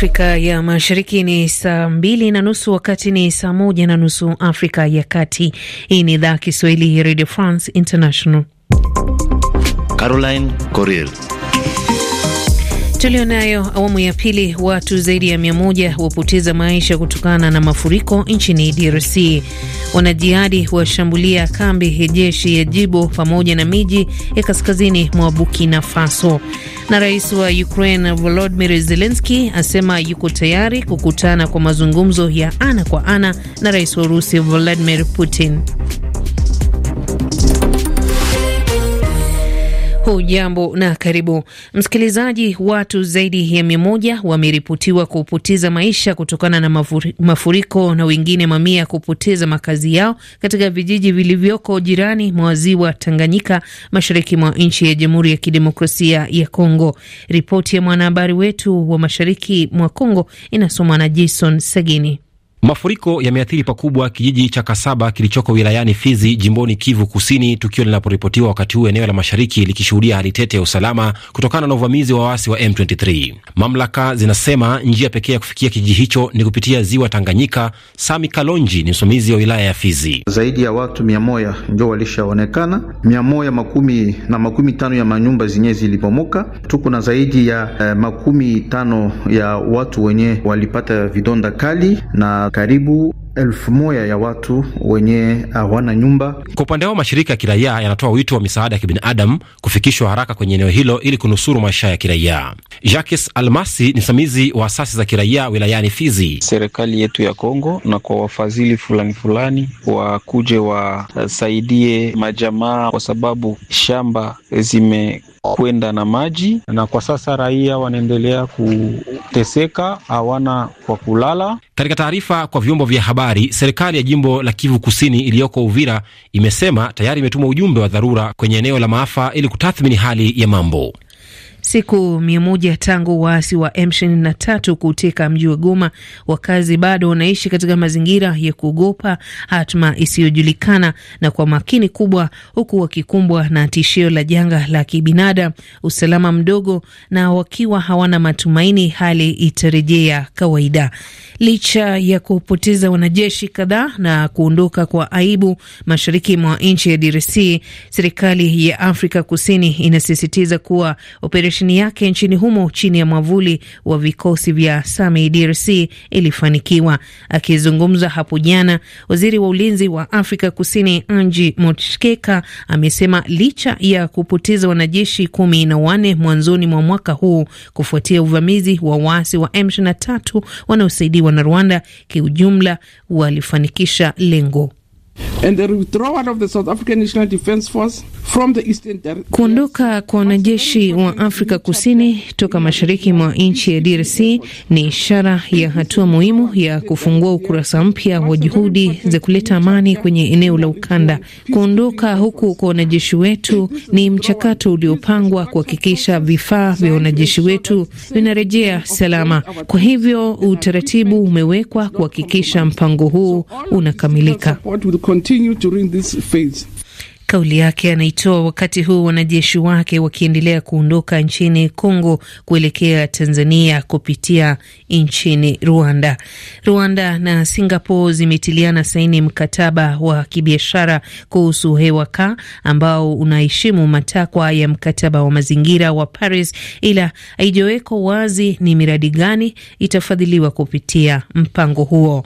Afrika ya Mashariki ni saa mbili na nusu, wakati ni saa moja na nusu Afrika ya Kati. Hii ni idhaa Kiswahili ya Radio France International. Caroline Coril Tulionayo awamu ya pili. Watu zaidi ya mia moja wapoteza maisha kutokana na mafuriko nchini DRC. Wanajihadi washambulia kambi ya jeshi ya Jibo pamoja na miji ya kaskazini mwa Burkina Faso. Na rais wa Ukraine volodimir zelenski asema yuko tayari kukutana kwa mazungumzo ya ana kwa ana na rais wa Urusi Vladimir Putin. Hujambo na karibu msikilizaji. Watu zaidi ya mia moja wameripotiwa kupoteza maisha kutokana na mafuriko na wengine mamia kupoteza makazi yao katika vijiji vilivyoko jirani mwa ziwa Tanganyika, mashariki mwa nchi ya Jamhuri ya Kidemokrasia ya Kongo. Ripoti ya mwanahabari wetu wa mashariki mwa Kongo inasomwa na Jason Sagini. Mafuriko yameathiri pakubwa kijiji cha Kasaba kilichoko wilayani Fizi, jimboni Kivu Kusini, tukio linaporipotiwa wakati huu eneo la mashariki likishuhudia hali tete ya usalama kutokana na uvamizi wa waasi wa M23. Mamlaka zinasema njia pekee ya kufikia kijiji hicho ni kupitia ziwa Tanganyika. Sami Kalonji ni msimamizi wa wilaya ya Fizi. Zaidi ya watu mia moja ndio walishaonekana, mia moja makumi na makumi tano ya manyumba zenyewe zilipomoka. Tuko na zaidi ya eh, makumi tano ya watu wenye walipata vidonda kali na karibu elfu moja ya watu wenye hawana nyumba. Kwa upande wao, mashirika ya kiraia yanatoa wito wa misaada ya kibinadamu kufikishwa haraka kwenye eneo hilo ili kunusuru maisha ya kiraia. Jacques Almasi ni msimamizi wa asasi za kiraia wilayani Fizi. Serikali yetu ya Kongo na kwa wafadhili fulani fulani wakuje wasaidie majamaa, kwa sababu shamba zime kwenda na maji, na kwa sasa raia wanaendelea kuteseka, hawana kwa kulala. Katika taarifa kwa vyombo vya habari, serikali ya jimbo la Kivu Kusini iliyoko Uvira imesema tayari imetuma ujumbe wa dharura kwenye eneo la maafa ili kutathmini hali ya mambo. Siku mia moja tangu waasi wa M23 kuteka mji wa Goma, wakazi bado wanaishi katika mazingira ya kuogopa hatma isiyojulikana na kwa makini kubwa, huku wakikumbwa na tishio la janga la kibinadamu, usalama mdogo, na wakiwa hawana matumaini hali itarejea kawaida. Licha ya kupoteza wanajeshi kadhaa na kuondoka kwa aibu mashariki mwa nchi ya DRC, serikali ya Afrika Kusini inasisitiza kuwa operesheni yake nchini humo chini ya mwavuli wa vikosi vya SAMI DRC ilifanikiwa. Akizungumza hapo jana, waziri wa ulinzi wa Afrika Kusini Anji Motshekga amesema licha ya kupoteza wanajeshi kumi na wane mwanzoni mwa mwaka huu kufuatia uvamizi wa waasi wa M23 wanaosaidiwa na Rwanda, kiujumla walifanikisha lengo. Kuondoka kwa wanajeshi wa Afrika Kusini toka mashariki mwa nchi ya DRC ni ishara ya hatua muhimu ya kufungua ukurasa mpya wa juhudi za kuleta amani kwenye eneo la ukanda. Kuondoka huku kwa wanajeshi wetu ni mchakato uliopangwa kuhakikisha vifaa vya wanajeshi wetu vinarejea salama. Kwa hivyo utaratibu umewekwa kuhakikisha mpango huu unakamilika continue during this phase. Kauli yake anaitoa wakati huu wanajeshi wake wakiendelea kuondoka nchini Kongo kuelekea Tanzania kupitia nchini Rwanda. Rwanda na Singapore zimetiliana saini mkataba wa kibiashara kuhusu hewa kaa ambao unaheshimu matakwa ya mkataba wa mazingira wa Paris, ila haijawekwa wazi ni miradi gani itafadhiliwa kupitia mpango huo.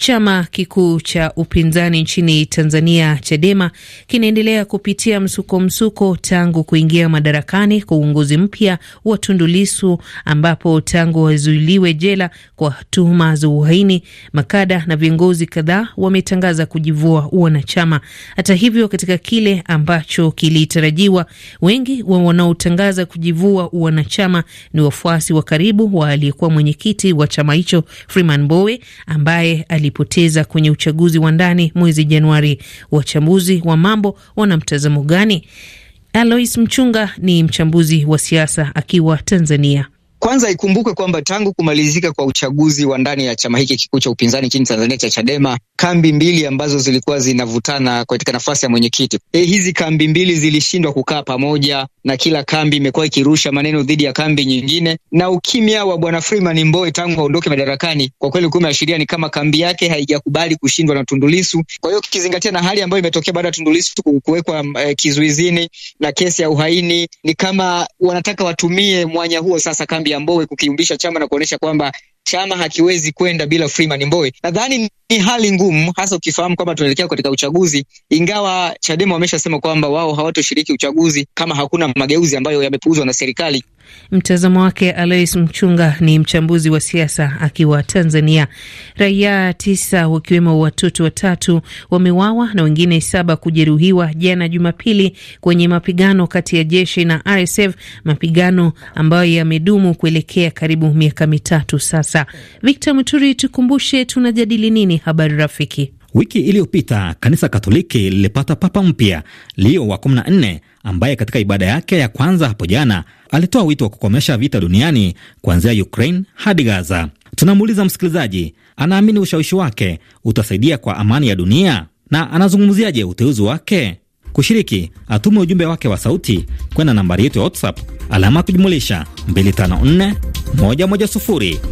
Chama kikuu cha upinzani nchini Tanzania, Chadema, kinaendelea kupitia msuko msuko tangu kuingia madarakani kwa uongozi mpya wa Tundu Lissu, ambapo tangu wazuiliwe jela kwa tuhuma za uhaini, makada na viongozi kadhaa wametangaza kujivua wanachama. Hata hivyo, katika kile ambacho kilitarajiwa, wengi wa wanaotangaza kujivua wanachama ni wafuasi wa karibu wa aliyekuwa mwenyekiti wa chama hicho Freeman Mbowe ambaye ali alipoteza kwenye uchaguzi wa ndani mwezi Januari. Wachambuzi wa mambo wana mtazamo gani? Alois Mchunga ni mchambuzi wa siasa akiwa Tanzania. Kwanza ikumbukwe kwamba tangu kumalizika kwa uchaguzi wa ndani ya chama hiki kikuu cha upinzani nchini Tanzania cha Chadema, kambi mbili ambazo zilikuwa zinavutana katika nafasi ya mwenyekiti e, hizi kambi mbili zilishindwa kukaa pamoja, na kila kambi imekuwa ikirusha maneno dhidi ya kambi nyingine, na ukimya wa bwana Freeman Mbowe tangu aondoke madarakani kwa kweli kumeashiria ni kama kambi yake haijakubali kushindwa na Tundulisu. Kwa hiyo kizingatia na hali ambayo imetokea baada ya Tundulisu kuwekwa eh, kizuizini na kesi ya uhaini, ni kama wanataka watumie mwanya huo sasa kambi Mbowe kukiumbisha chama na kuonesha kwamba chama hakiwezi kwenda bila Freeman Mbowe. Nadhani ni hali ngumu, hasa ukifahamu kwamba tunaelekea katika uchaguzi, ingawa Chadema wameshasema kwamba wao hawatoshiriki uchaguzi kama hakuna mageuzi ambayo yamepuuzwa na serikali. Mtazamo wake Alois Mchunga ni mchambuzi wa siasa akiwa Tanzania. Raia tisa wakiwemo watoto watatu wamewawa na wengine saba kujeruhiwa jana Jumapili kwenye mapigano kati ya jeshi na RSF, mapigano ambayo yamedumu kuelekea karibu miaka mitatu sasa. Mombasa. Victor Muturi, tukumbushe tunajadili nini habari rafiki? Wiki iliyopita kanisa Katoliki lilipata papa mpya Leo wa 14 ambaye katika ibada yake ya kwanza hapo jana alitoa wito wa kukomesha vita duniani kuanzia Ukraine hadi Gaza. Tunamuuliza msikilizaji, anaamini ushawishi wake utasaidia kwa amani ya dunia na anazungumziaje uteuzi wake? Kushiriki, atume ujumbe wake wa sauti kwenda nambari yetu ya WhatsApp alama kujumulisha 254 110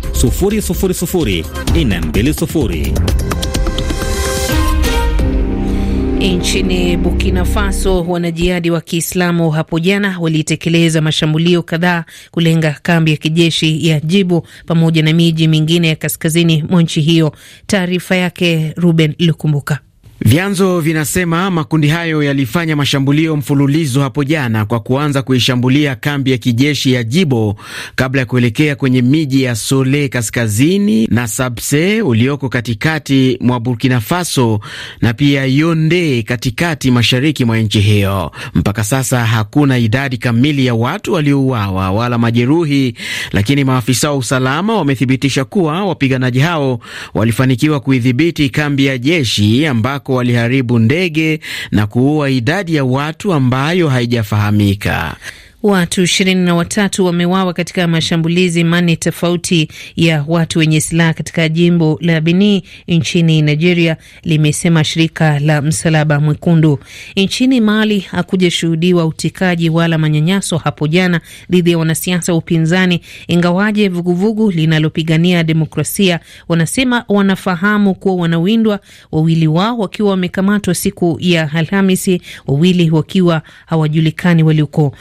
Nchini Burkina Faso, wanajihadi wa Kiislamu hapo jana walitekeleza mashambulio kadhaa kulenga kambi ya kijeshi ya Jibu pamoja na miji mingine ya kaskazini mwa nchi hiyo. Taarifa yake Ruben Lukumbuka. Vyanzo vinasema makundi hayo yalifanya mashambulio mfululizo hapo jana kwa kuanza kuishambulia kambi ya kijeshi ya Jibo kabla ya kuelekea kwenye miji ya Sole kaskazini na Sabse ulioko katikati mwa Burkina Faso na pia Yonde katikati mashariki mwa nchi hiyo. Mpaka sasa hakuna idadi kamili ya watu waliouawa wala majeruhi, lakini maafisa wa usalama wamethibitisha kuwa wapiganaji hao walifanikiwa kuidhibiti kambi ya jeshi ambako ambako waliharibu ndege na kuua idadi ya watu ambayo haijafahamika. Watu ishirini na watatu wamewawa katika mashambulizi manne tofauti ya watu wenye silaha katika jimbo la Beni nchini Nigeria, limesema shirika la Msalaba Mwekundu. Nchini Mali hakujashuhudiwa utekaji wala manyanyaso hapo jana dhidi ya wanasiasa wa upinzani, ingawaje vuguvugu linalopigania demokrasia wanasema wanafahamu kuwa wanawindwa, wawili wao wakiwa wamekamatwa siku ya Alhamisi, wawili wakiwa hawajulikani walioko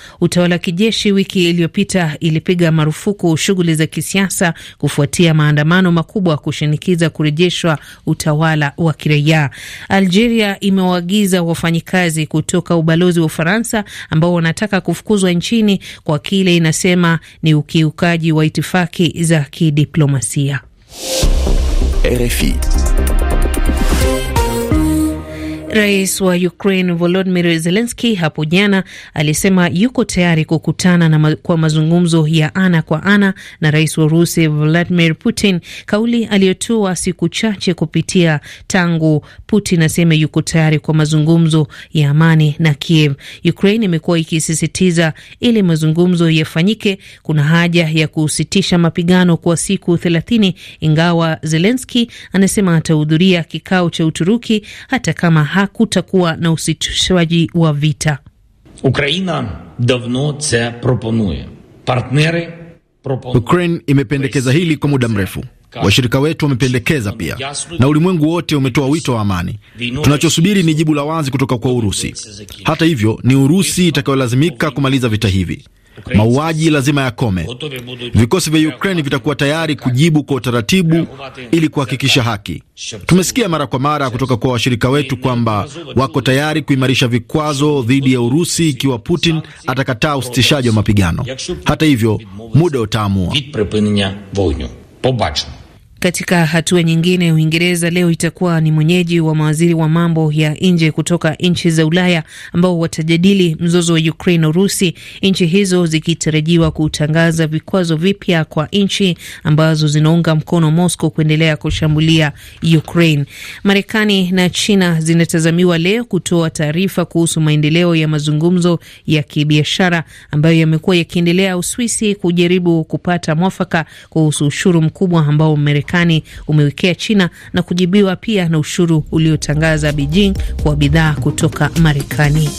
utawala la kijeshi wiki iliyopita ilipiga marufuku shughuli za kisiasa kufuatia maandamano makubwa kushinikiza kurejeshwa utawala wa kiraia. Algeria imewaagiza wafanyikazi kutoka ubalozi wa Ufaransa ambao wanataka kufukuzwa nchini kwa kile inasema ni ukiukaji wa itifaki za kidiplomasia. RFI. Rais wa Ukraine Volodymyr Zelensky hapo jana alisema yuko tayari kukutana na ma kwa mazungumzo ya ana kwa ana na rais wa Urusi Vladimir Putin, kauli aliyotoa siku chache kupitia tangu Putin aseme yuko tayari kwa mazungumzo ya amani na Kiev. Ukraine imekuwa ikisisitiza ili mazungumzo yafanyike, kuna haja ya kusitisha mapigano kwa siku thelathini, ingawa Zelensky anasema atahudhuria kikao cha Uturuki hata kama kutakuwa na usitishwaji wa vita. Ukraina davno ce пропонує partneri Ukraine imependekeza hili kwa muda mrefu, washirika wetu wamependekeza pia, na ulimwengu wote umetoa wito wa amani. Tunachosubiri ni jibu la wazi kutoka kwa Urusi. Hata hivyo, ni Urusi itakayolazimika kumaliza vita hivi. Mauaji lazima yakome. Vikosi vya Ukraine vitakuwa tayari kujibu kwa utaratibu ili kuhakikisha haki. Tumesikia mara kwa mara kutoka kwa washirika wetu kwamba wako tayari kuimarisha vikwazo dhidi ya Urusi ikiwa Putin atakataa usitishaji wa mapigano. Hata hivyo, muda utaamua. Katika hatua nyingine, Uingereza leo itakuwa ni mwenyeji wa mawaziri wa mambo ya nje kutoka nchi za Ulaya ambao watajadili mzozo wa Ukraine na Urusi, nchi hizo zikitarajiwa kutangaza vikwazo vipya kwa nchi ambazo zinaunga mkono Moscow kuendelea kushambulia Ukraine. Marekani na China zinatazamiwa leo kutoa taarifa kuhusu maendeleo ya mazungumzo ya kibiashara ambayo yamekuwa yakiendelea Uswisi kujaribu kupata mwafaka kuhusu ushuru mkubwa ambao Marekani Marekani umewekea China na kujibiwa pia na ushuru uliotangaza Beijing kwa bidhaa kutoka Marekani.